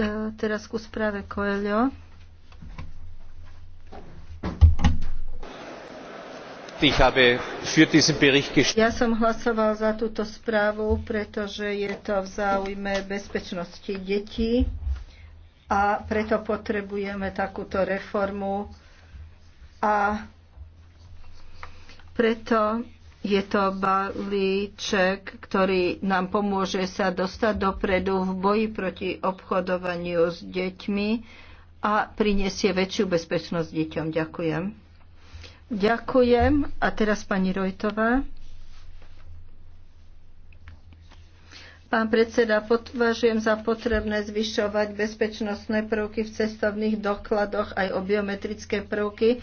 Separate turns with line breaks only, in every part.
E, teraz ku správe Coelho. Ja som hlasoval za túto správu, pretože je to v záujme bezpečnosti detí a preto potrebujeme takúto reformu a preto je to balíček, ktorý nám pomôže sa dostať dopredu v boji proti obchodovaniu s deťmi a prinesie väčšiu bezpečnosť deťom. Ďakujem. Ďakujem. A teraz pani Rojtová. Pán predseda, považujem za potrebné zvyšovať bezpečnostné prvky v cestovných dokladoch aj o biometrické prvky,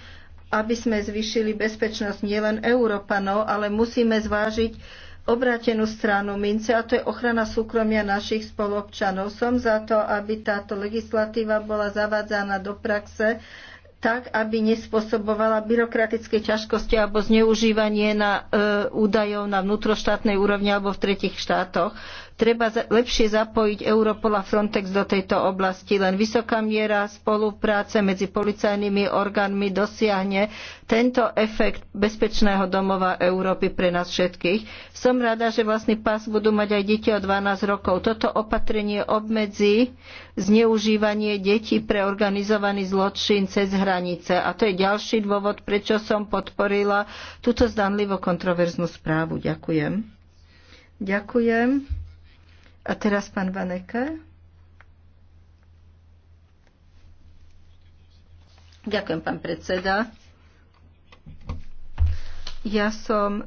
aby sme zvyšili bezpečnosť nielen Európanov, ale musíme zvážiť obrátenú stranu mince a to je ochrana súkromia našich spolobčanov. Som za to, aby táto legislatíva bola zavádzaná do praxe tak, aby nespôsobovala byrokratické ťažkosti alebo zneužívanie na, e, údajov na vnútroštátnej úrovni alebo v tretich štátoch. Treba lepšie zapojiť Europol a Frontex do tejto oblasti. Len vysoká miera spolupráce medzi policajnými orgánmi dosiahne tento efekt bezpečného domova Európy pre nás všetkých. Som rada, že vlastný pás budú mať aj deti od 12 rokov. Toto opatrenie obmedzí zneužívanie detí pre organizovaný zločin cez hranice. A to je ďalší dôvod, prečo som podporila túto zdanlivo kontroverznú správu. Ďakujem. Ďakujem. A teraz pán Vaneke. Ďakujem, pán predseda. Ja som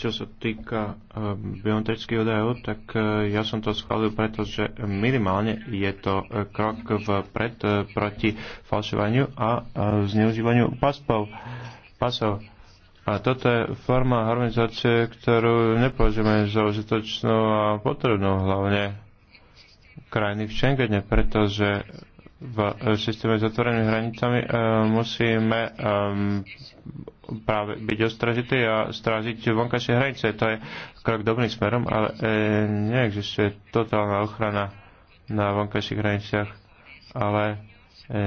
čo sa týka uh, biometrických údajov, tak uh, ja som to schválil, pretože minimálne je to uh, krok vpred uh, proti falšovaniu a uh, zneužívaniu pasov. pasov. A toto je forma harmonizácie, ktorú nepovažujeme za užitočnú a potrebnú hlavne krajiny v Schengene, pretože e, v systéme s otvorenými hranicami e, musíme e, práve byť ostražití a strážiť vonkajšie hranice. To je krok dobrým smerom, ale e, neexistuje totálna ochrana na vonkajších hraniciach, ale e,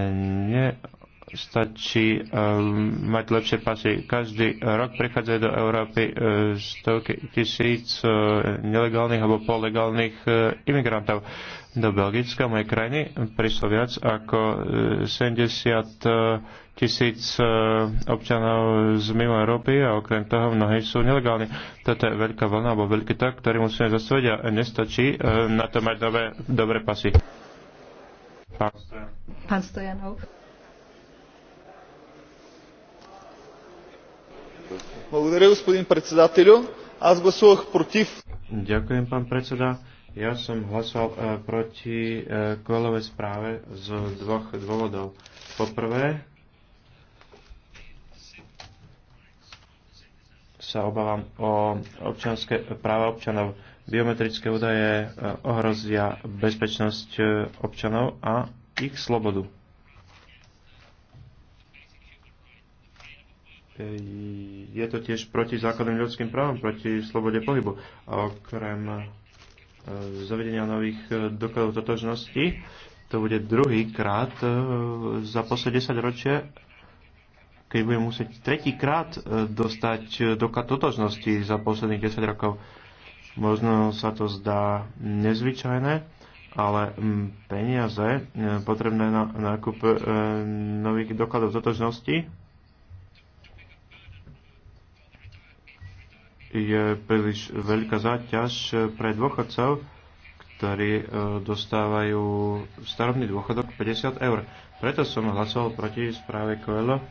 ne stačí um, mať lepšie pasy. Každý rok prichádzajú do Európy uh, stovky tisíc uh, nelegálnych alebo polegálnych uh, imigrantov. Do Belgicka, mojej krajiny, prišlo viac ako uh, 70 uh, tisíc uh, občanov z mimo Európy a okrem toho mnohí sú nelegálni. Toto je veľká vlna alebo veľký tak, ktorý musíme zastaviť a nestačí uh, na to mať dobré, dobré pasy. Pán, Stojanov.
Pán Stojanov. Благодаря,
господин председателю. Аз гласувах против. Ďakujem, pán predseda. Ja som hlasoval proti kolovej správe z dvoch dôvodov. Poprvé, sa obávam o občanské práva občanov. Biometrické údaje e, ohrozia bezpečnosť e, občanov a ich slobodu. je to tiež proti základným ľudským právom, proti slobode pohybu. A okrem e, zavedenia nových e, dokladov totožnosti, to bude druhý krát e, za posledné 10 ročie, keď budem musieť tretíkrát dostať doklad totožnosti za posledných 10 rokov. Možno sa to zdá nezvyčajné, ale peniaze potrebné na nákup nových dokladov totožnosti je príliš veľká záťaž pre dôchodcov, ktorí e, dostávajú starobný dôchodok 50 eur. Preto som hlasoval proti správe Coelho.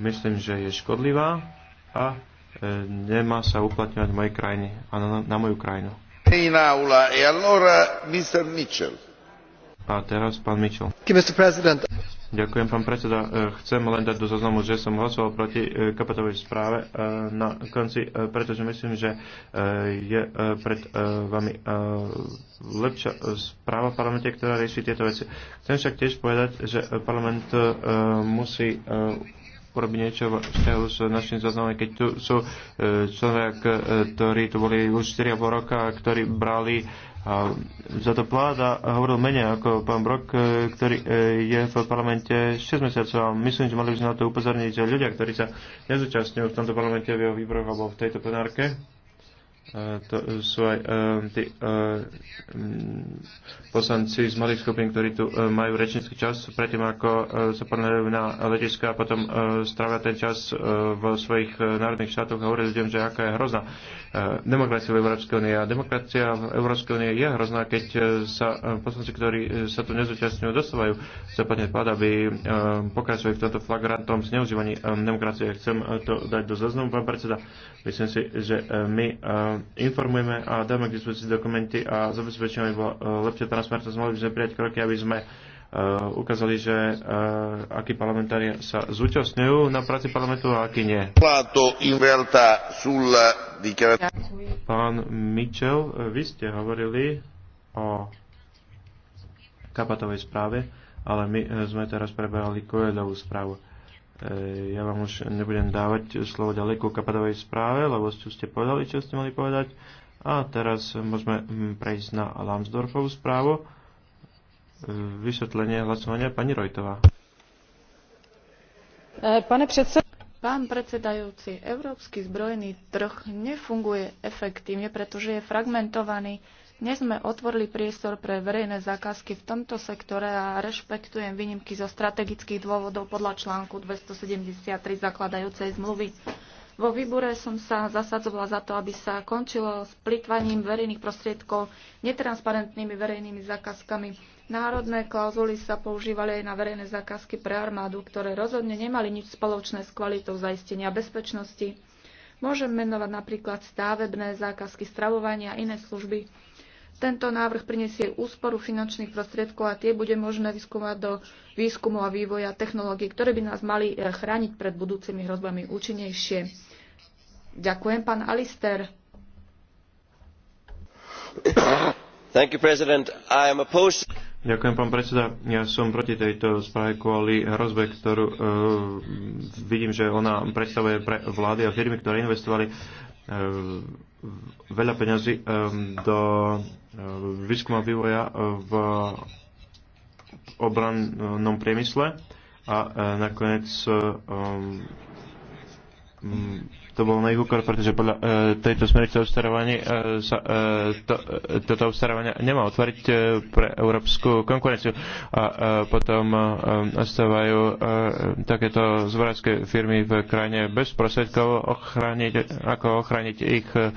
Myslím, že je škodlivá a e, nemá sa uplatňovať v mojej krajine a na, na moju krajinu. A teraz pán Mitchell. Ďakujem, pán predseda. E, chcem len dať do zoznamu, že som hlasoval proti e, kapatovej správe e, na konci, pretože myslím, že je pred vami lepšia správa v parlamente, ktorá rieši tieto veci. Chcem však tiež povedať, že parlament musí urobiť niečo vzťahu s našim zoznamom, keď tu sú e, členovia, e, ktorí tu boli už 4 roka, ktorí brali a za to pláda a hovoril menej ako pán Brok, e, ktorý je v parlamente 6 mesiacov a myslím, že mali by sme na to upozorniť ľudia, ktorí sa nezúčastňujú v tomto parlamente v jeho výboroch alebo v tejto plenárke E, to sú aj e, tí e, mm, poslanci z malých skupín, ktorí tu majú rečnický čas predtým, ako sa ponerajú na letiska a potom strávia ten čas v svojich národných štátoch a hovoria ľuďom, že aká je hrozná demokracia v Európskej únie. A demokracia v Európskej únie je hrozná, keď sa poslanci, ktorí sa tu nezúčastňujú, dostávajú západne pád, aby pokračovali v tomto flagrantom zneužívaní demokracie. Chcem to dať do zaznamu, pán predseda. Myslím si, že my informujeme a dáme k dispozícii dokumenty a zabezpečíme lepšie transparentnosť. Mali by sme prijať kroky, aby sme e, ukázali, že uh, akí parlamentári sa zúčastňujú na práci parlamentu a akí nie. Pán Mitchell, vy ste hovorili o kapatovej správe, ale my e, sme teraz preberali kojedovú správu. E, ja vám už nebudem dávať slovo ďalej ku kapadovej správe, lebo ste povedali, čo ste mali povedať. A teraz môžeme mm, prejsť na Lambsdorfovú správu. E, vysvetlenie hlasovania pani Rojtová.
E, pane predsed... Pán predsedajúci, európsky zbrojný trh nefunguje efektívne, pretože je fragmentovaný dnes sme otvorili priestor pre verejné zákazky v tomto sektore a rešpektujem výnimky zo strategických dôvodov podľa článku 273 zakladajúcej zmluvy. Vo výbore som sa zasadzovala za to, aby sa končilo s plitvaním verejných prostriedkov netransparentnými verejnými zákazkami. Národné klauzuly sa používali aj na verejné zákazky pre armádu, ktoré rozhodne nemali nič spoločné s kvalitou zaistenia bezpečnosti. Môžem menovať napríklad stavebné zákazky stravovania a iné služby tento návrh prinesie úsporu finančných prostriedkov a tie bude možné vyskúmať do výskumu a vývoja technológií, ktoré by nás mali eh, chrániť pred budúcimi hrozbami účinnejšie. Ďakujem, pán Alister.
You, opposed...
Ďakujem, pán predseda. Ja som proti tejto správe kvôli hrozbe, ktorú uh, vidím, že ona predstavuje pre vlády a firmy, ktoré investovali uh, veľa peňazí um, do výskum a vývoja e, v obrannom priemysle a e, nakoniec e, to bolo na ich úkor, pretože podľa e, tejto smernice e, sa e, toto obstarávanie nemá otvoriť e, pre európsku konkurenciu. A e, potom e, ostávajú e, takéto zvorácké firmy v krajine bez prostriedkov ochrániť, ako ochrániť ich e,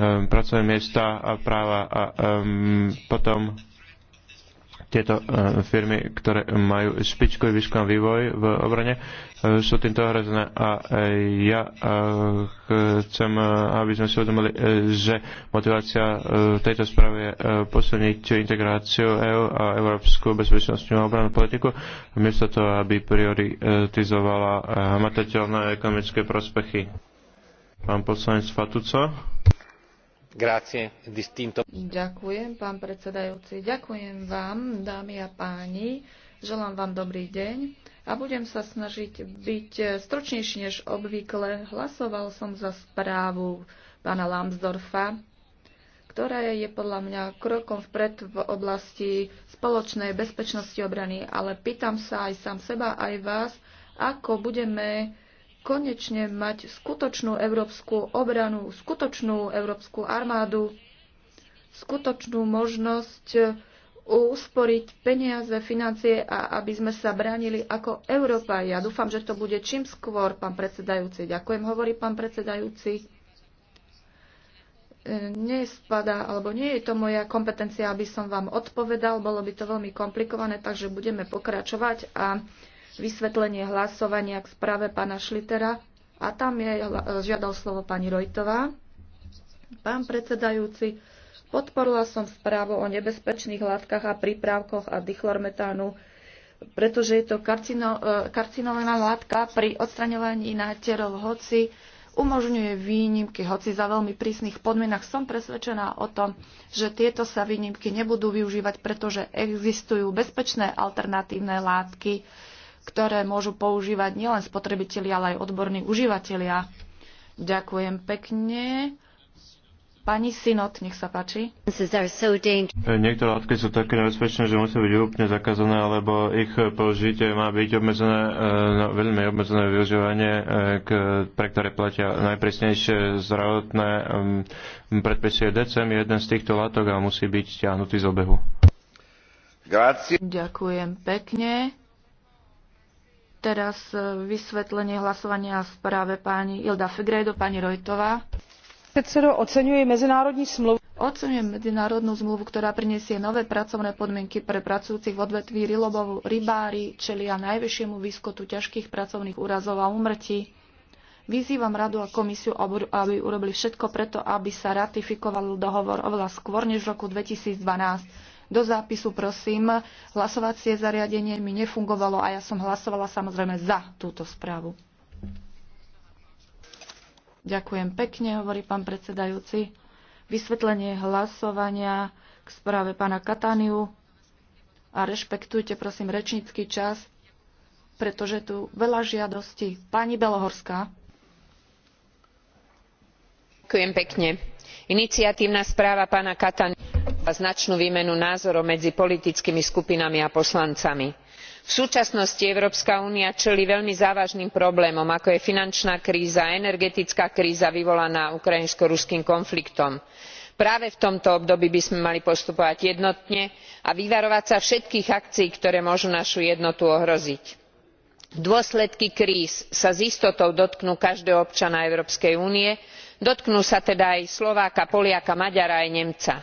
Ehm, pracovné miesta a práva a ehm, potom tieto ehm, firmy, ktoré majú špičkový výskum vývoj v obrane, sú týmto ohrozené. A ja chcem, aby sme si uvedomili, že motivácia tejto správy je posilniť integráciu EÚ EU a európsku bezpečnostnú a obranú politiku, miesto toho, aby prioritizovala hmatateľné ekonomické prospechy. Pán poslanec
Fatuco. Ďakujem,
pán predsedajúci. Ďakujem vám, dámy a páni. Želám vám dobrý deň a budem sa snažiť byť stručnejší než obvykle. Hlasoval som za správu pána Lambsdorfa, ktoré je podľa mňa krokom vpred v oblasti spoločnej bezpečnosti obrany, ale pýtam sa aj sám seba, aj vás, ako budeme konečne mať skutočnú európsku obranu, skutočnú európsku armádu, skutočnú možnosť usporiť peniaze, financie a aby sme sa bránili ako Európa. Ja dúfam, že to bude čím skôr, pán predsedajúci. Ďakujem, hovorí pán predsedajúci. E, Nespada, alebo nie je to moja kompetencia, aby som vám odpovedal. Bolo by to veľmi komplikované, takže budeme pokračovať a vysvetlenie hlasovania k správe pána Šlitera a tam je žiadal slovo pani Rojtová. Pán predsedajúci, podporila som správu o nebezpečných látkach a prípravkoch a dichlormetánu, pretože je to karcino, e, karcinovaná látka pri odstraňovaní náterov, hoci umožňuje výnimky, hoci za veľmi prísnych podmienach. Som presvedčená o tom, že tieto sa výnimky nebudú využívať, pretože existujú bezpečné alternatívne látky, ktoré môžu používať nielen spotrebitelia, ale aj odborní užívateľia. Ďakujem pekne. Pani Sinot, nech sa páči.
Niektoré
látky sú také nebezpečné, že musia byť úplne zakázané, alebo ich použitie má byť obmedzené, e, no, veľmi obmedzené využívanie, e, k, pre ktoré platia najpresnejšie zdravotné predpisy DCM. Je jeden z týchto látok a musí byť stiahnutý z obehu.
Grazie. Ďakujem pekne. Teraz e, vysvetlenie hlasovania v správe pani Ilda Fegredo, pani Rojtová. Predsedo, ocenuje medzinárodní smluv. Oceňujem medzinárodnú zmluvu, ktorá prinesie nové pracovné podmienky pre pracujúcich v odvetví rylobov, Rybári čelia najvyššiemu výskotu ťažkých pracovných úrazov a umrtí. Vyzývam radu a komisiu, aby urobili všetko preto, aby sa ratifikoval dohovor oveľa skôr než v roku 2012 do zápisu prosím, hlasovacie zariadenie mi nefungovalo a ja som hlasovala samozrejme za túto správu. Ďakujem pekne, hovorí pán predsedajúci. Vysvetlenie hlasovania k správe pána Kataniu a rešpektujte prosím rečnícky čas, pretože tu veľa žiadosti. Pani Belohorská.
Ďakujem pekne iniciatívna správa pána catania vyvolala značnú výmenu názorov medzi politickými skupinami a poslancami. v súčasnosti európska únia čelí veľmi závažným problémom ako je finančná kríza energetická kríza vyvolaná ukrajinsko ruským konfliktom. práve v tomto období by sme mali postupovať jednotne a vyvarovať sa všetkých akcií ktoré môžu našu jednotu ohroziť. dôsledky kríz sa s istotou dotknú každého občana európskej únie dotknú sa teda aj slováka poliaka maďara aj nemca.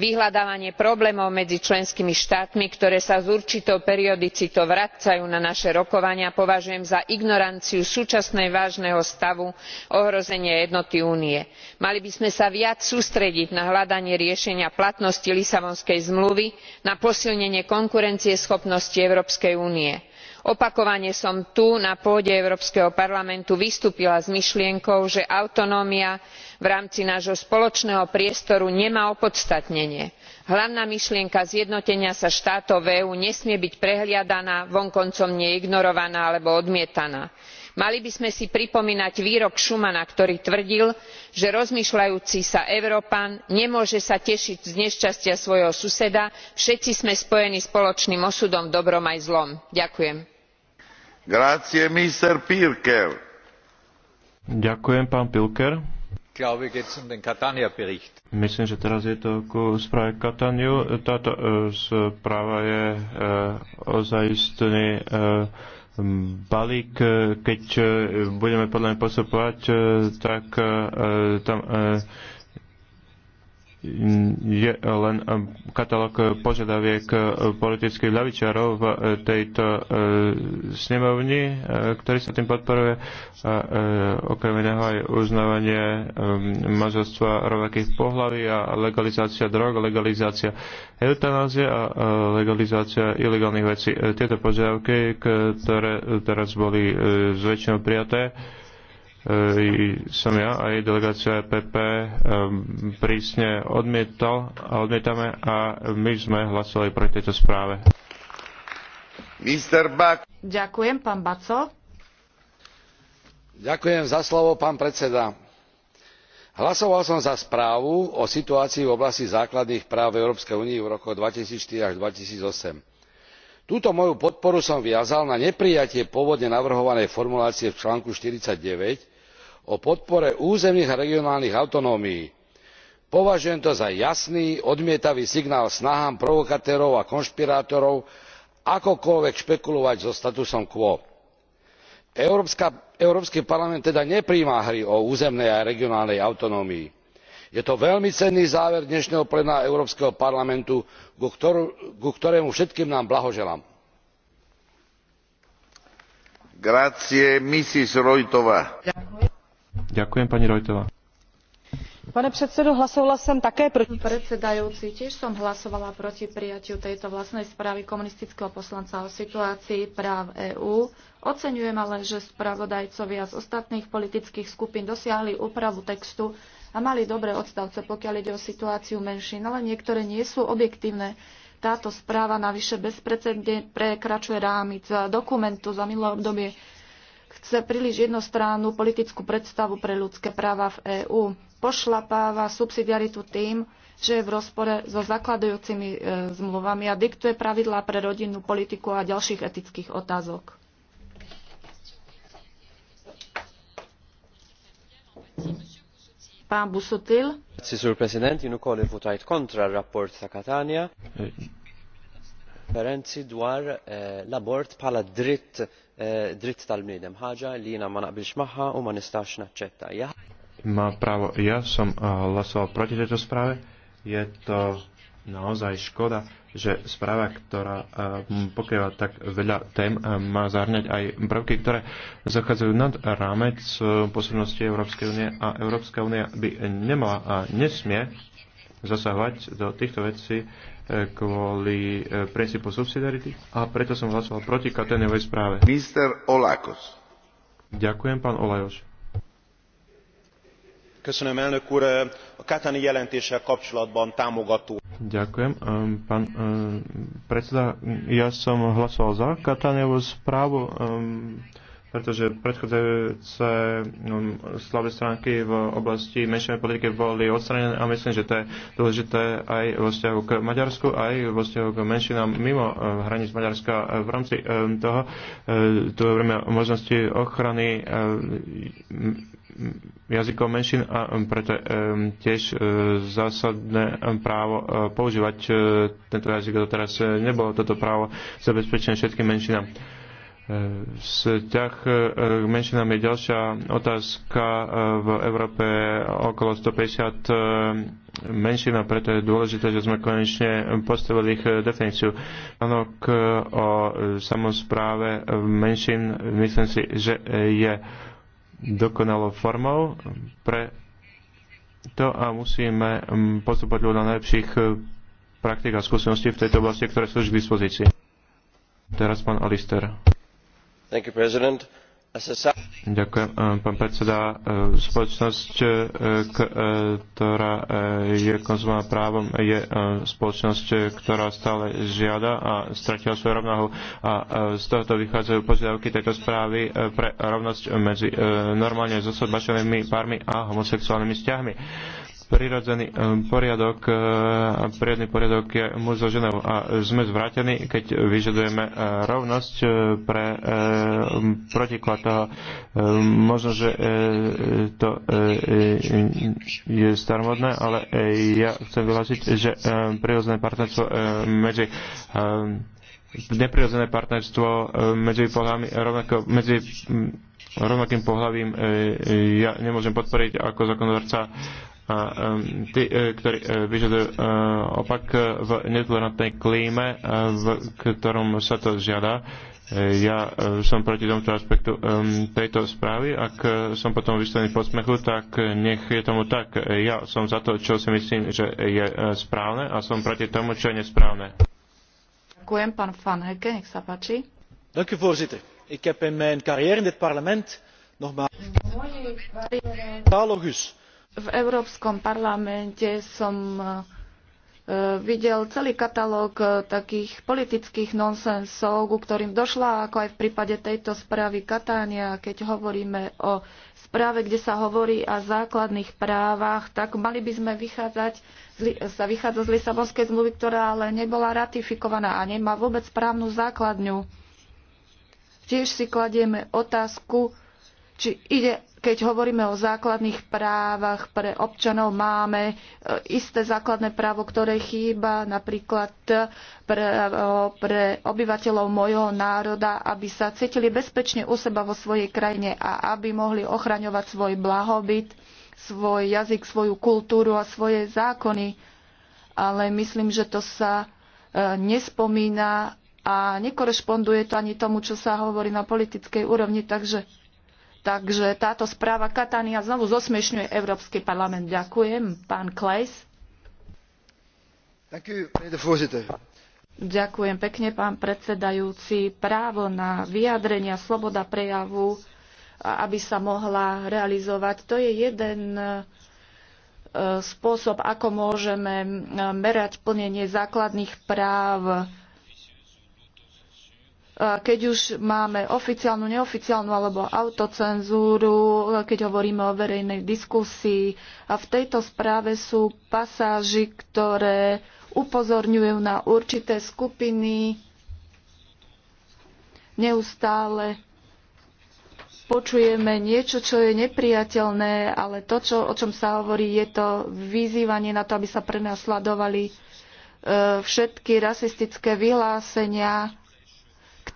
vyhľadávanie problémov medzi členskými štátmi ktoré sa s určitou periodicitou vracajú na naše rokovania považujem za ignoranciu súčasného vážneho stavu ohrozenia jednoty únie. mali by sme sa viac sústrediť na hľadanie riešenia platnosti lisabonskej zmluvy na posilnenie konkurencieschopnosti európskej únie opakovane som tu na pôde európskeho parlamentu vystúpila s myšlienkou že autonómia v rámci nášho spoločného priestoru nemá opodstatnenie. hlavná myšlienka zjednotenia sa štátov eú nesmie byť prehliadaná vonkoncom ignorovaná alebo odmietaná. mali by sme si pripomínať výrok schumana ktorý tvrdil že rozmýšľajúci sa európan nemôže sa tešiť z nešťastia svojho suseda všetci sme spojení spoločným osudom dobrom aj zlom. ďakujem.
Ďakujem,
pán Pilker. Um Myslím, že teraz je to ku správe Kataniu. Táto e, správa je e, ozajistný e, balík, keď budeme podľa mňa postupovať, tak tam je len e, katalóg požiadaviek e, politických ľavičarov v e, tejto snemovni, ktorý sa tým podporuje. A okrem iného aj uznávanie manželstva rovnakých pohlaví a legalizácia drog, legalizácia eutanázie a legalizácia ilegálnych vecí. Tieto požiadavky, ktoré teraz boli zväčšinou prijaté, E, som ja aj delegácia EPP e, prísne odmietal a odmietame a my sme hlasovali proti tejto správe.
Ďakujem, pán Baco. Ďakujem za slovo, pán predseda. Hlasoval som za správu o situácii v oblasti základných práv v Európskej únii v rokoch 2004 až 2008 túto moju podporu som viazal na neprijatie pôvodne navrhovanej formulácie v článku forty nine o podpore územných a regionálnych autonómií. považujem to za jasný odmietavý signál snahám provokatérov a konšpirátorov akokoľvek špekulovať so statusom quo. európsky parlament teda neprijíma hry o územnej a regionálnej autonómii je to veľmi cenný záver dnešného pléna európskeho parlamentu ku ktorému všetkým nám blahoželám. pane predsedo hlasovala som také proti. predsedajúci tiež som hlasovala proti prijatiu tejto vlastnej správy komunistického poslanca o situácii práv eú. oceňujem ale že spravodajcovia z ostatných politických skupín dosiahli úpravu textu a mali dobré odstavce, pokiaľ ide o situáciu menšín, ale niektoré nie sú objektívne. Táto správa navyše bezprecedne prekračuje rámic dokumentu za minulé obdobie. Chce príliš jednostránnu politickú predstavu pre ľudské práva v EÚ. Pošlapáva subsidiaritu tým, že je v rozpore so zakladujúcimi e, zmluvami a diktuje pravidlá pre rodinnú politiku a ďalších etických otázok. Pán Busutil.
Sur President, jien ukoll votajt kontra r-rapport ta' Katania. Differenzi dwar eh, l-abort bħala dritt eh, dritt tal-bniedem, ħaġa li jiena ma naqbilx magħha u ma nistax naċċetta.
Má právo, ja som eh, hlasoval proti tejto správe. Je to naozaj škoda, že správa, ktorá eh, pokrýva tak veľa tém, eh, má zahrňať aj prvky, ktoré zachádzajú nad rámec eh, posebnosti Európskej únie a Európska únia by nemala a nesmie zasahovať do týchto vecí kvôli princípu subsidiarity a preto som hlasoval proti Katéniovej správe. Mr.
Olakos.
Ďakujem, pán Olajoš
a katainen jelentéssel kapcsolatban támogató.
Ďakujem. ja som hlasoval za Katainenú správu pretože predchádzajúce mm, slabé stránky v oblasti menšinovej politiky boli odstranené a myslím, že to je dôležité aj vo vzťahu k Maďarsku, aj vo vzťahu k menšinám mimo eh, hraníc Maďarska. V rámci eh, toho eh, tu hovoríme o možnosti ochrany jazykov menšin a preto tiež zásadné právo používať tento jazyk doteraz nebolo toto právo zabezpečené všetkým menšinám Vzťah e, k menšinám je ďalšia otázka e, v Európe okolo 150 e, menšin a preto je dôležité, že sme konečne postavili ich definíciu. Áno, o samozpráve menšin, myslím si, že je dokonalou formou pre to a musíme postupovať na najlepších praktik a skúseností v tejto oblasti, ktoré sú už k dispozícii. Teraz pán Alister. Ďakujem, eh, pán predseda. Eh, spoločnosť, eh, ktorá je konzumovaná právom, je spoločnosť, ktorá stále žiada a stratila svoju rovnahu. A z tohto vychádzajú požiadavky tejto správy pre rovnosť medzi normálne zosobášenými pármi a homosexuálnymi vzťahmi prirodzený e, poriadok e, a prírodný poriadok je muž so ženou a sme zvrátení, keď vyžadujeme e, rovnosť pre protiklad toho. Možno, že to je staromodné, ale ja chcem vyhlásiť, že prirodzené partnerstvo medzi neprirodzené partnerstvo medzi pohľami rovnako medzi rovnakým pohľavím e, e, ja nemôžem podporiť ako zákonodarca a e, tí, ktorí vyžadujú opak v netolerantnej klíme, v ktorom sa to žiada. Ja som proti tomto aspektu tejto správy. Ak som potom vystavený posmechu, tak nech je tomu tak. Ja som za to, čo si myslím, že je správne a som proti tomu, čo je nesprávne.
Ďakujem, pán Fanheke, nech sa páči.
Ďakujem, voorzitter ik heb in mijn carrière in dit parlement nogmaals catalogus.
V Európskom parlamente som eh, videl celý katalóg eh, takých politických nonsensov, ku ktorým došla, ako aj v prípade tejto správy Katania, keď hovoríme o správe, kde sa hovorí o základných právach, tak mali by sme vychádzať, sa vychádza z Lisabonskej zmluvy, ktorá ale nebola ratifikovaná a nemá vôbec právnu základňu. Tiež si kladieme otázku, či ide, keď hovoríme o základných právach pre občanov, máme e, isté základné právo, ktoré chýba napríklad e, pre, e, pre obyvateľov mojho národa, aby sa cítili bezpečne u seba vo svojej krajine a aby mohli ochraňovať svoj blahobyt, svoj jazyk, svoju kultúru a svoje zákony. Ale myslím, že to sa nespomína a nekorešponduje to ani tomu, čo sa hovorí na politickej úrovni, takže, takže táto správa Katania znovu zosmiešňuje Európsky parlament. Ďakujem, pán Klejs. Ďakujem pekne, pán predsedajúci. Právo na a sloboda prejavu, aby sa mohla realizovať, to je jeden e, spôsob, ako môžeme e, merať plnenie základných práv keď už máme oficiálnu, neoficiálnu alebo autocenzúru, keď hovoríme o verejnej diskusii. A v tejto správe sú pasáži, ktoré upozorňujú na určité skupiny. Neustále počujeme niečo, čo je nepriateľné, ale to, čo, o čom sa hovorí, je to vyzývanie na to, aby sa prenasledovali e, všetky rasistické vyhlásenia,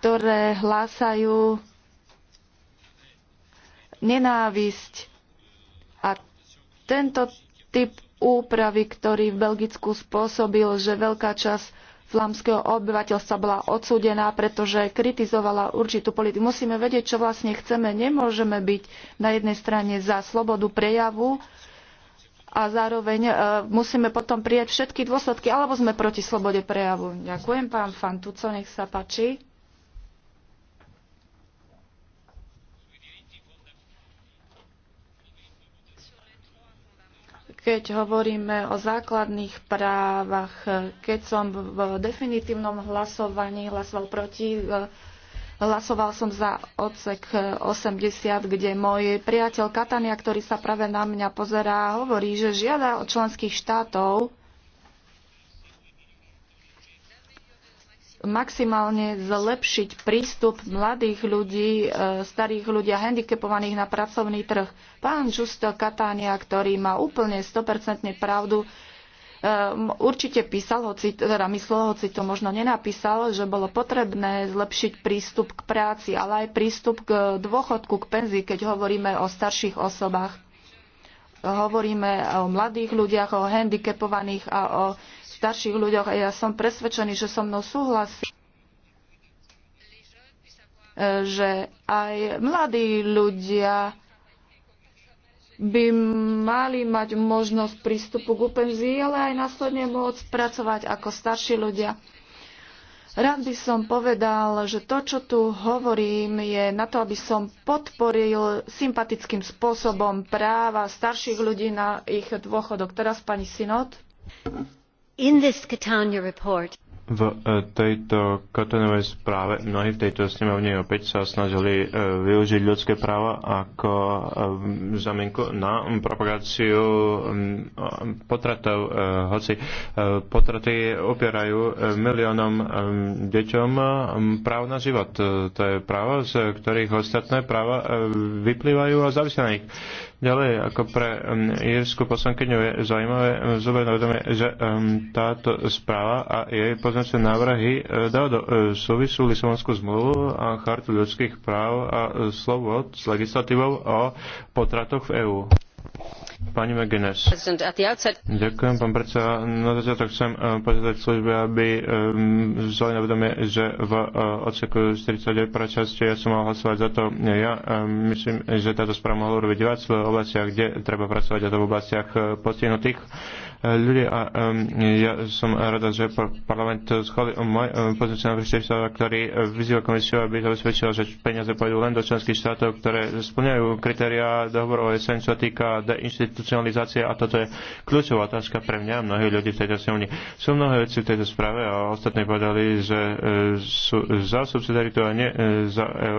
ktoré hlásajú nenávisť. A tento typ úpravy, ktorý v Belgicku spôsobil, že veľká časť flámskeho obyvateľstva bola odsúdená, pretože kritizovala určitú politiku. Musíme vedieť, čo vlastne chceme. Nemôžeme byť na jednej strane za slobodu prejavu a zároveň e, musíme potom prijať všetky dôsledky, alebo sme proti slobode prejavu. Ďakujem, pán Fantuco, nech sa páči. keď hovoríme o základných právach, keď som v definitívnom hlasovaní hlasoval proti, e, hlasoval som za odsek 80, kde môj priateľ Katania, ktorý sa práve na mňa pozerá, hovorí, že žiada od členských štátov, maximálne zlepšiť prístup mladých ľudí, e, starých ľudí a handicapovaných na pracovný trh. Pán Žusto Katánia, ktorý má úplne 100% pravdu, e, určite písal, hoci, teda myslel, hoci to možno nenapísal, že bolo potrebné zlepšiť prístup k práci, ale aj prístup k dôchodku, k penzii, keď hovoríme o starších osobách. Hovoríme o mladých ľuďach, o handicapovaných a o starších ľuďoch a ja som presvedčený, že so mnou súhlasí že aj mladí ľudia by mali mať možnosť prístupu k penzii, ale aj následne môcť pracovať ako starší ľudia. Rád by som povedal, že to, čo tu hovorím, je na to, aby som podporil sympatickým spôsobom práva starších ľudí na ich dôchodok. Teraz pani Sinot.
In this Catania report,
v e, tejto Katanovej správe mnohí v tejto snemovne opäť sa snažili e, využiť ľudské práva ako e, zamienku na propagáciu potratov. Hoci potraty opierajú miliónom deťom právo na život. To je právo, z ktorých ostatné práva vyplývajú a závisia na nich. Ďalej, ako pre um, írsku poslankyňu je zaujímavé um, zobrať na vedomie, že um, táto správa a jej poznačné návrhy uh, dáva do uh, súvisu Lisabonskú zmluvu a chartu ľudských práv a slobod s legislatívou o potratoch v EÚ. Pani McGuinness. Ďakujem, pán predseda. Na začiatok chcem eh, požiadať služby, aby eh, vzali na vedomie, že v eh, odseku 49 časti ja som mal hlasovať za to. Ja myslím, že táto správa mohla urobiť viac v oblastiach, kde treba pracovať a to v oblastiach postihnutých Ľudia, a ja som rada, že parlament schválil môj pozíciu na vyšetrovanie, ktorý vyzýva komisiu, aby zabezpečila, že peniaze pôjdu len do členských štátov, ktoré splňajú kritéria dohovoru SN, čo týka deinstitucionalizácie a toto je kľúčová otázka pre mňa a mnohých ľudí v tejto silni. Sú mnohé veci v tejto správe a ostatní povedali, že e, sú za subsidiaritu a nie, e, za, e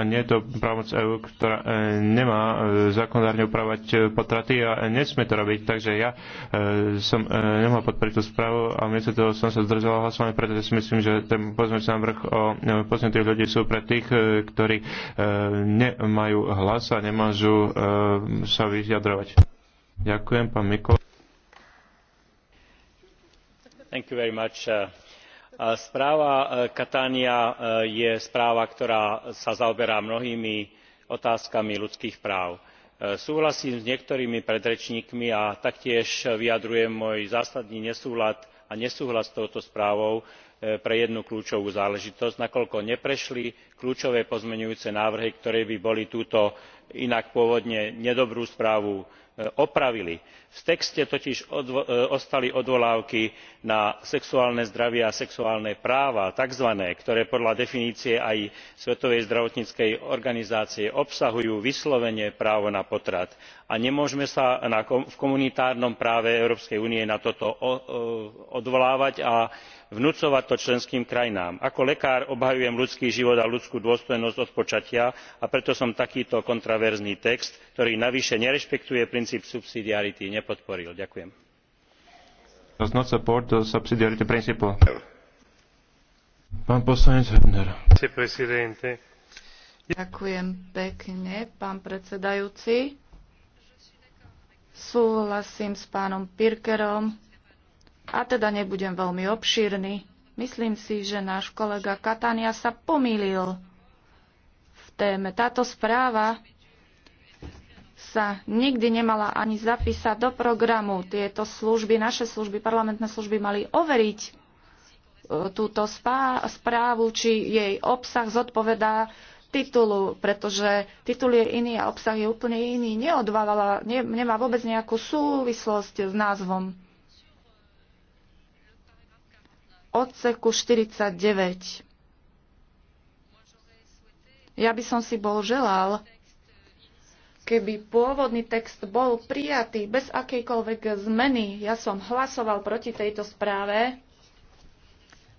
a nie je to právoc EU, ktorá nemá zákonodárne upravať potraty a nesme to robiť. Takže ja som e, nemohol podporiť tú správu a miesto toho som sa zdržal hlasovanie, pretože si myslím, že ten pozmeňujúci návrh o e, poznatých ľudí sú pre tých, e, ktorí nemajú hlas a nemôžu sa vyjadrovať. Ďakujem, pán Miko.
Thank you very much. Uh, uh, správa uh, Katania je správa, ktorá sa zaoberá mnohými otázkami ľudských práv E, súhlasím s niektorými predrečníkmi a taktiež vyjadrujem môj zásadný nesúlad a nesúhlas s touto správou e, pre jednu kľúčovú záležitosť nakoľko neprešli kľúčové pozmeňujúce návrhy ktoré by boli túto inak pôvodne nedobrú správu E, opravili. v texte totiž e, ostali odvolávky na sexuálne zdravie a sexuálne práva takzvané ktoré podľa definície aj svetovej zdravotníckej organizácie obsahujú vyslovene právo na potrat a nemôžeme sa v komunitárnom práve európskej únie na toto e, odvolávať a vnucovať to členským krajinám. ako lekár obhajujem ľudský život a ľudskú dôstojnosť od počatia a preto som takýto kontroverzný text ktorý navyše nerešpektuje princíp subsidiarity nepodporil. ďakujem. Ďakujem
pekne, pán predsedajúci. Súhlasím s pánom Pirkerom a teda nebudem veľmi obšírny. Myslím si, že náš kolega Katania sa pomýlil v téme. Táto správa sa nikdy nemala ani zapísať do programu. Tieto služby, naše služby, parlamentné služby mali overiť e, túto správu, či jej obsah zodpovedá titulu, pretože titul je iný a obsah je úplne iný. Neodvávala, ne, nemá vôbec nejakú súvislosť s názvom. odseku 49. Ja by som si bol želal, keby pôvodný text bol prijatý bez akejkoľvek zmeny. Ja som hlasoval proti tejto správe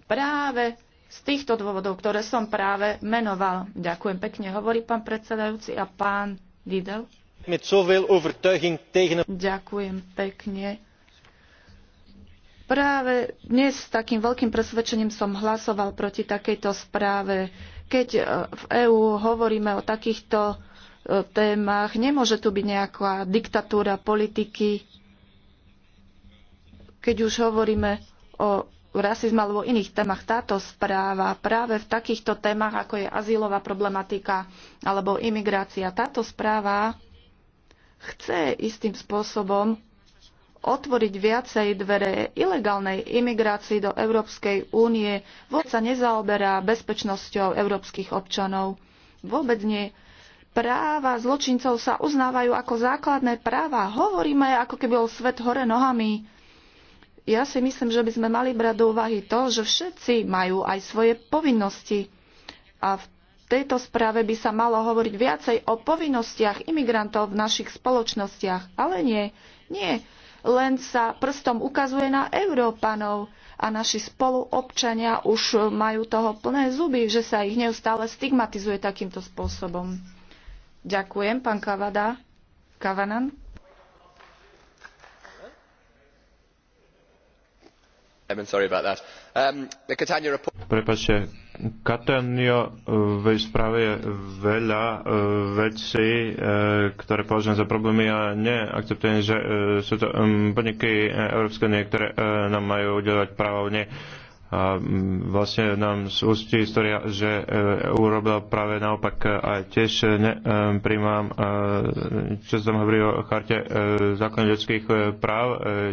práve z týchto dôvodov, ktoré som práve menoval. Ďakujem pekne, hovorí pán predsedajúci a pán Didel.
Ďakujem
pekne. Práve dnes s takým veľkým presvedčením som hlasoval proti takejto správe. Keď e, v EÚ hovoríme o takýchto e, témach, nemôže tu byť nejaká diktatúra politiky. Keď už hovoríme o rasizme alebo iných témach, táto správa práve v takýchto témach, ako je azylová problematika alebo imigrácia, táto správa chce istým spôsobom otvoriť viacej dvere ilegálnej imigrácii do Európskej únie, vôbec sa nezaoberá bezpečnosťou európskych občanov. Vôbec nie. Práva zločincov sa uznávajú ako základné práva. Hovoríme, ako keby bol svet hore nohami. Ja si myslím, že by sme mali brať do úvahy to, že všetci majú aj svoje povinnosti. A v tejto správe by sa malo hovoriť viacej o povinnostiach imigrantov v našich spoločnostiach. Ale nie, nie len sa prstom ukazuje na Európanov a naši spoluobčania už majú toho plné zuby, že sa ich neustále stigmatizuje takýmto spôsobom. Ďakujem, pán Kavada. Kavanan.
Um,
Prepačte, Catania uh, v správe je veľa uh, vecí, uh, ktoré považujem za problémy a neakceptujem, že sú to um, podniky Európskej únie, ktoré nám majú udelovať práva. Nie a mm, vlastne nám z ústí história, že e, urobila práve naopak e, a tiež e, ne, príjmam, čo som hovoril o charte zákon ľudských práv,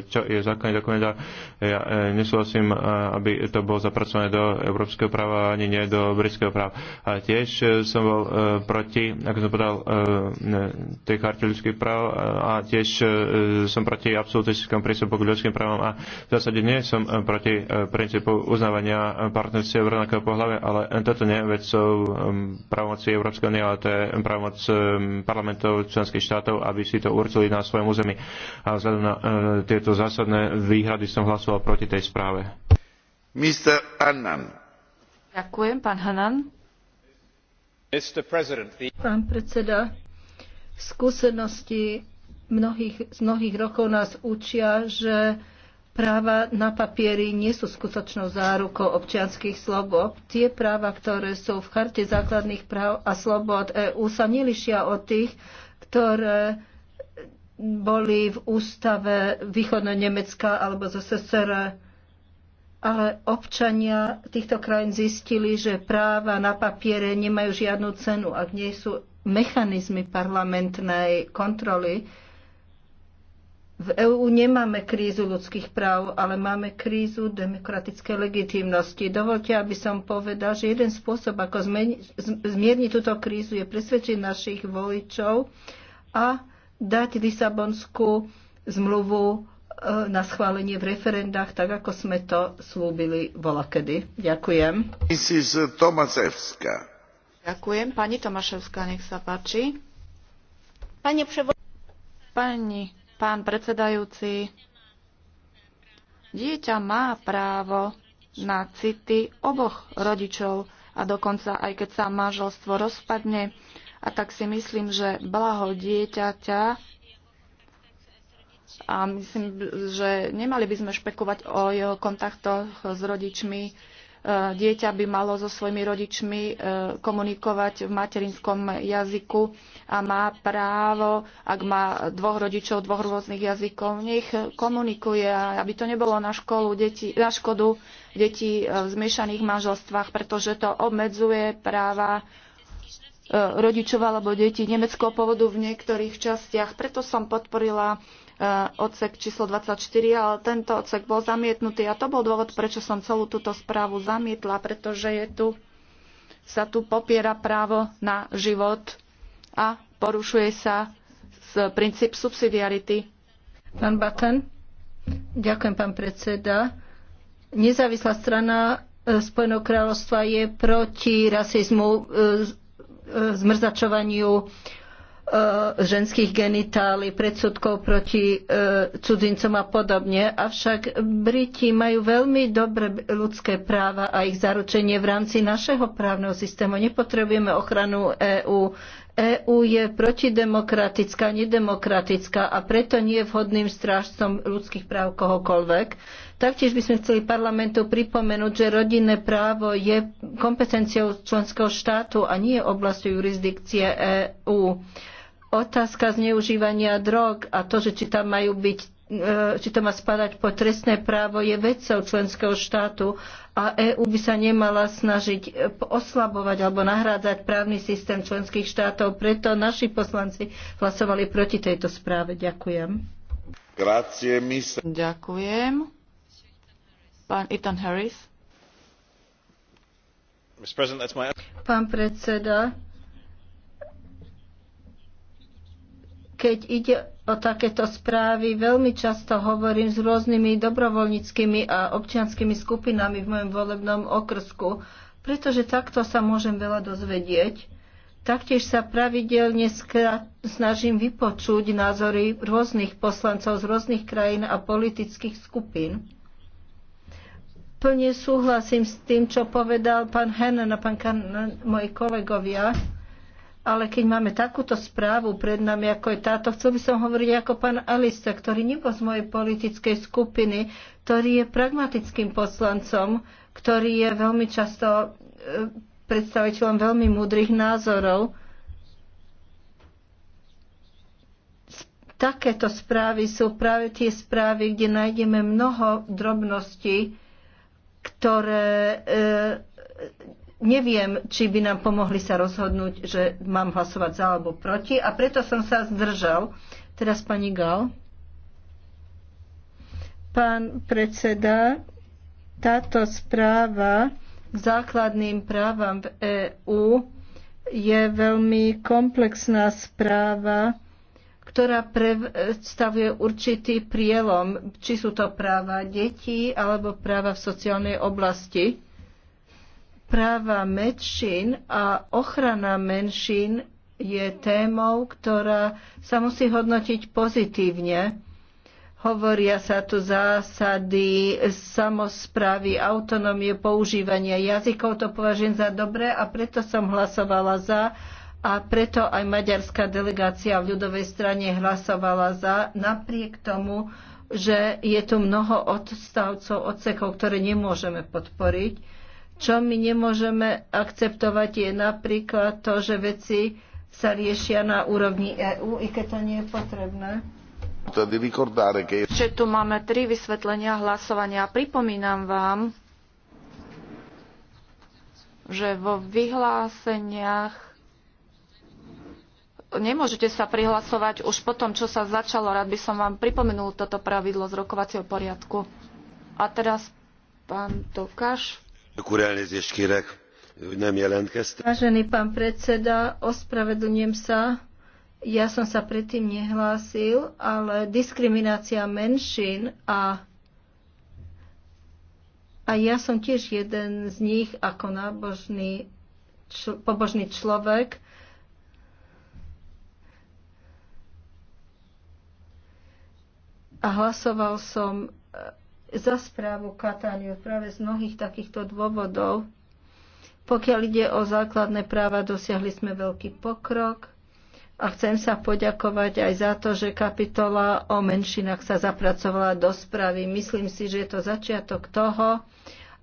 čo je zákon dokumenta. Ja nesúhlasím, aby to bolo zapracované do európskeho práva, ani nie do britského práva. A tiež som bol proti, ako som povedal, tej charte ľudských práv a tiež som proti absolutistickom prístupu k ľudským právam a v zásade nie som proti princípu uznávania partnerstiev rovnakého pohľave, ale toto nie je vecou um, právomoci Európskej únie, ale to je právomoc um, parlamentov členských štátov, aby si to určili na svojom území. A vzhľadom na uh, tieto zásadné výhrady som hlasoval proti tej správe.
Mr. Annan. Ďakujem, pán Hanan. Pán predseda, skúsenosti mnohých, z mnohých rokov nás učia, že Práva na papieri nie sú skutočnou zárukou občianských slobod. Tie práva, ktoré sú v charte základných práv a slobod EÚ, sa nelišia od tých, ktoré boli v ústave východno Nemecka alebo zo SSR. Ale občania týchto krajín zistili, že práva na papiere nemajú žiadnu cenu, ak nie sú mechanizmy parlamentnej kontroly, v EÚ nemáme krízu ľudských práv, ale máme krízu demokratickej legitimnosti. Dovolte, aby som povedal, že jeden spôsob, ako zmierniť túto krízu, je presvedčiť našich voličov a dať Lisabonskú zmluvu e, na schválenie v referendách, tak ako sme to slúbili volakedy. Ďakujem.
Mrs. Uh,
Ďakujem. Pani Tomaševská, nech
sa páči. Pani, Pani Pán predsedajúci, dieťa má právo na city oboch rodičov a dokonca aj keď sa manželstvo rozpadne. A tak si myslím, že blaho dieťaťa a myslím, že nemali by sme špekovať o jeho kontaktoch s rodičmi, E, dieťa by malo so svojimi rodičmi e, komunikovať v materinskom jazyku a má právo, ak má dvoch rodičov dvoch rôznych jazykov, nech komunikuje, aby to nebolo na, školu deti, na škodu detí e, v zmiešaných manželstvách, pretože to obmedzuje práva E, rodičov alebo detí nemeckého pôvodu v niektorých častiach. Preto som podporila e, odsek číslo 24, ale tento odsek bol zamietnutý a to bol dôvod, prečo som celú túto správu zamietla, pretože je tu, sa tu popiera právo na život
a porušuje sa princíp subsidiarity. Pán Batten, ďakujem, pán predseda. Nezávislá strana e, Spojeného kráľovstva je proti rasizmu E, zmrzačovaniu e, ženských genitálií, predsudkov proti e, cudzincom a podobne. Avšak Briti majú veľmi dobré ľudské práva a ich zaručenie v rámci našeho právneho systému. Nepotrebujeme ochranu EÚ. EÚ je protidemokratická, nedemokratická a preto nie je vhodným strážcom ľudských práv kohokoľvek. Taktiež by sme chceli parlamentu pripomenúť, že rodinné právo je kompetenciou členského štátu a nie oblasťou jurisdikcie EÚ. Otázka zneužívania drog a to, že či tam majú byť e, či to má spadať pod trestné právo, je vecou členského štátu a EÚ by sa nemala snažiť oslabovať alebo nahrádzať právny systém členských štátov. Preto naši poslanci hlasovali proti tejto správe. Ďakujem.
Grazie,
Ďakujem. Pán predseda, keď ide o takéto správy, veľmi často hovorím s rôznymi dobrovoľníckými a občianskými skupinami v mojom volebnom okrsku, pretože takto sa môžem veľa dozvedieť. Taktiež sa pravidelne snažím vypočuť názory rôznych poslancov z rôznych krajín a politických skupín plne súhlasím s tým, čo povedal pán Hennen a pán Kanan, moji kolegovia, ale keď máme takúto správu pred nami, ako je táto, chcel by som hovoriť ako pán Alista, ktorý nebol z mojej politickej skupiny, ktorý je pragmatickým poslancom, ktorý je veľmi často e, predstaviteľom veľmi múdrych názorov. Takéto správy sú práve tie správy, kde nájdeme mnoho drobností, ktoré e, neviem, či by nám pomohli sa rozhodnúť, že mám hlasovať za alebo proti a preto som sa zdržal. Teraz pani Gal. Pán predseda, táto správa k základným právam v EÚ je veľmi komplexná správa ktorá predstavuje určitý prielom, či sú to práva detí alebo práva v sociálnej oblasti. Práva menšín a ochrana menšín je témou, ktorá sa musí hodnotiť pozitívne. Hovoria sa tu zásady samozprávy, autonómie, používania jazykov. To považujem za dobré a preto som hlasovala za a preto aj maďarská delegácia v ľudovej strane hlasovala za, napriek tomu, že je tu mnoho odstavcov, odsekov, ktoré nemôžeme podporiť. Čo my nemôžeme akceptovať je napríklad to, že veci sa riešia na úrovni EÚ, i keď to nie je potrebné. Že
tu máme tri vysvetlenia hlasovania. Pripomínam vám, že vo vyhláseniach nemôžete sa prihlasovať už po tom, čo sa začalo. Rád by som vám pripomenul toto pravidlo z rokovacieho poriadku. A teraz pán Tokáš.
Vážený pán predseda, ospravedlňujem sa. Ja som sa predtým nehlásil, ale diskriminácia menšín a a ja som tiež jeden z nich ako nábožný, čl- pobožný človek a hlasoval som eh, za správu Katániu práve z mnohých takýchto dôvodov. Pokiaľ ide o základné práva, dosiahli sme veľký pokrok a chcem sa poďakovať aj za to, že kapitola o menšinách sa zapracovala do správy. Myslím si, že je to začiatok toho,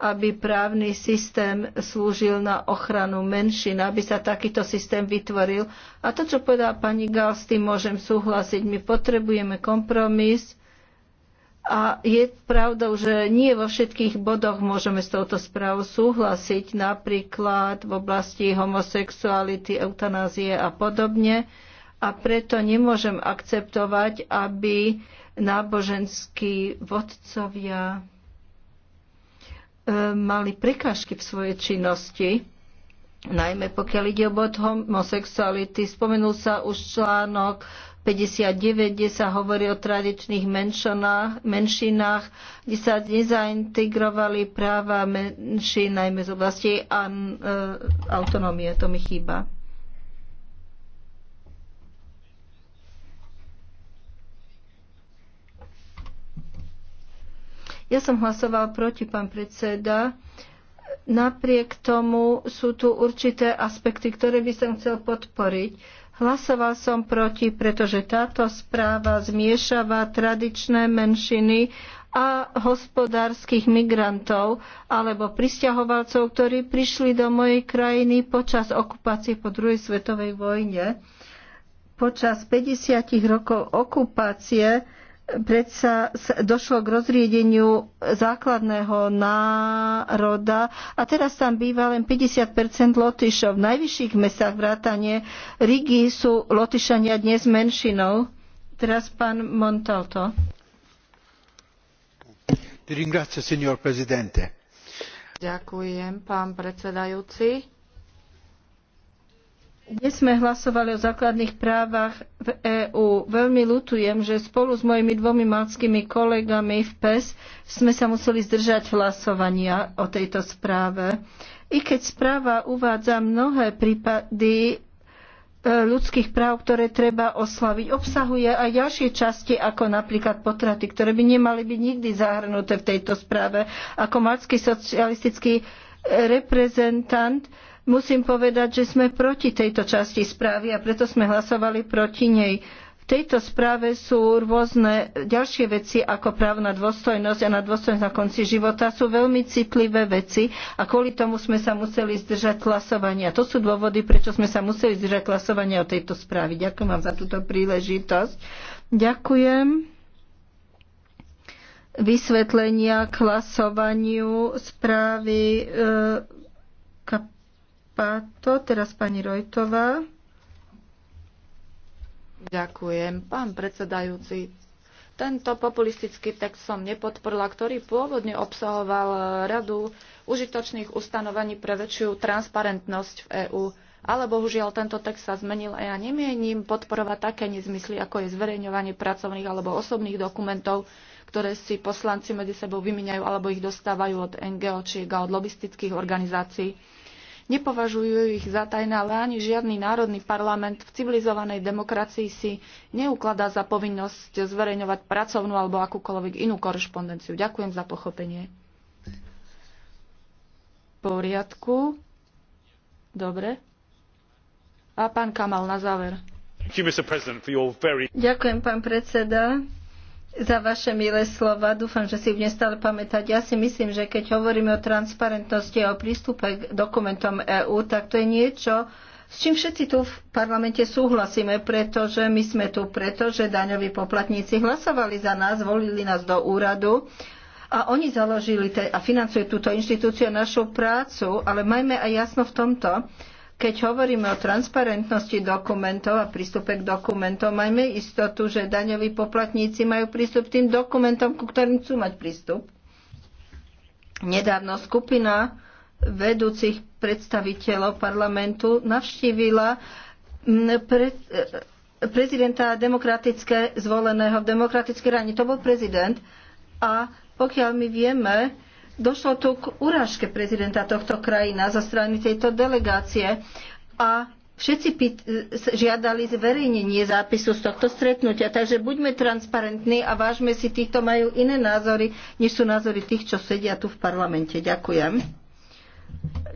aby právny systém slúžil na ochranu menšin, aby sa takýto systém vytvoril. A to, čo povedala pani Gal s tým môžem súhlasiť. My potrebujeme kompromis, a je pravdou, že nie vo všetkých bodoch môžeme s touto správou súhlasiť, napríklad v oblasti homosexuality, eutanázie a podobne. A preto nemôžem akceptovať, aby náboženskí vodcovia e, mali prekážky v svojej činnosti, najmä pokiaľ ide o bod homosexuality. Spomenul sa už článok 59, kde sa hovorí o tradičných menšinách, menšinách kde sa nezaintegrovali práva menšín, najmä z oblasti a, e, autonómie. To mi chýba. Ja som hlasoval proti, pán predseda. Napriek tomu sú tu určité aspekty, ktoré by som chcel podporiť Hlasoval som proti, pretože táto správa zmiešava tradičné menšiny a hospodárskych migrantov alebo pristahovalcov, ktorí prišli do mojej krajiny počas okupácie po druhej svetovej vojne. Počas 50 rokov okupácie predsa došlo k rozriedeniu základného národa a teraz tam býva len 50 Lotyšov. V najvyšších mestách vrátane Rigi sú Lotyšania dnes menšinou. Teraz pán Montalto. Ďakujem, pán predsedajúci dnes sme hlasovali o základných právach v EÚ. Veľmi lutujem, že spolu s mojimi dvomi malckými kolegami v PES sme sa museli zdržať hlasovania o tejto správe. I keď správa uvádza mnohé prípady e, ľudských práv, ktoré treba oslaviť. Obsahuje aj ďalšie časti, ako napríklad potraty, ktoré by nemali byť nikdy zahrnuté v tejto správe. Ako malcký socialistický reprezentant Musím povedať, že sme proti tejto časti správy a preto sme hlasovali proti nej. V tejto správe sú rôzne ďalšie veci ako právo na dôstojnosť a na dôstojnosť na konci života. Sú veľmi citlivé veci a kvôli tomu sme sa museli zdržať hlasovania. To sú dôvody, prečo sme sa museli zdržať hlasovania o tejto správe. Ďakujem vám za túto príležitosť. Ďakujem. Vysvetlenia k hlasovaniu správy. E Pato, teraz pani Rojtová. Ďakujem, pán predsedajúci. Tento populistický
text som nepodporla, ktorý pôvodne obsahoval e, radu užitočných ustanovaní pre väčšiu transparentnosť v EÚ. Ale bohužiaľ tento text sa zmenil a ja nemienim podporovať také nezmysly, ako je zverejňovanie pracovných alebo osobných dokumentov, ktoré si poslanci medzi sebou vymieňajú alebo ich dostávajú od NGO či od lobistických organizácií. Nepovažujú ich za tajné, ale ani žiadny národný parlament v civilizovanej demokracii si neukladá za povinnosť zverejňovať pracovnú alebo akúkoľvek inú korešpondenciu. Ďakujem za pochopenie.
Poriadku. Dobre. A pán Kamal na záver. Ďakujem, pán predseda za vaše milé slova. Dúfam, že si ich stále pamätať. Ja si myslím, že keď hovoríme o transparentnosti a o prístupe k dokumentom EÚ, tak to je niečo, s čím všetci tu v parlamente súhlasíme, pretože my sme tu preto, že daňoví poplatníci hlasovali za nás, volili nás do úradu a oni založili a financujú túto inštitúciu a našu prácu, ale majme aj jasno v tomto, keď hovoríme o transparentnosti dokumentov a prístupe k dokumentom, majme istotu, že daňoví poplatníci majú prístup tým dokumentom, ku ktorým chcú mať prístup. Nedávno skupina vedúcich predstaviteľov parlamentu navštívila mm, pre, eh, prezidenta demokratické zvoleného v demokratickej rane. To bol prezident. A pokiaľ my vieme, Došlo tu k urážke prezidenta tohto krajina zo strany tejto delegácie a všetci žiadali zverejnenie zápisu z tohto stretnutia. Takže buďme transparentní a vážme si tých, kto majú iné názory, než sú názory tých, čo sedia tu v parlamente. Ďakujem.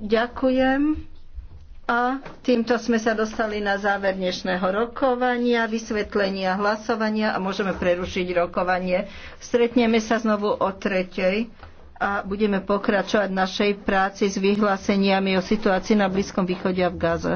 Ďakujem. A týmto sme sa dostali na záver dnešného rokovania, vysvetlenia hlasovania a môžeme prerušiť rokovanie. Stretneme sa znovu o tretej a budeme pokračovať v našej práci s vyhláseniami o situácii na Blízkom východe a v Gaze.